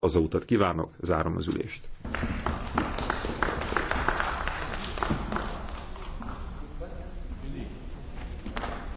az utat kívánok, zárom az ülést.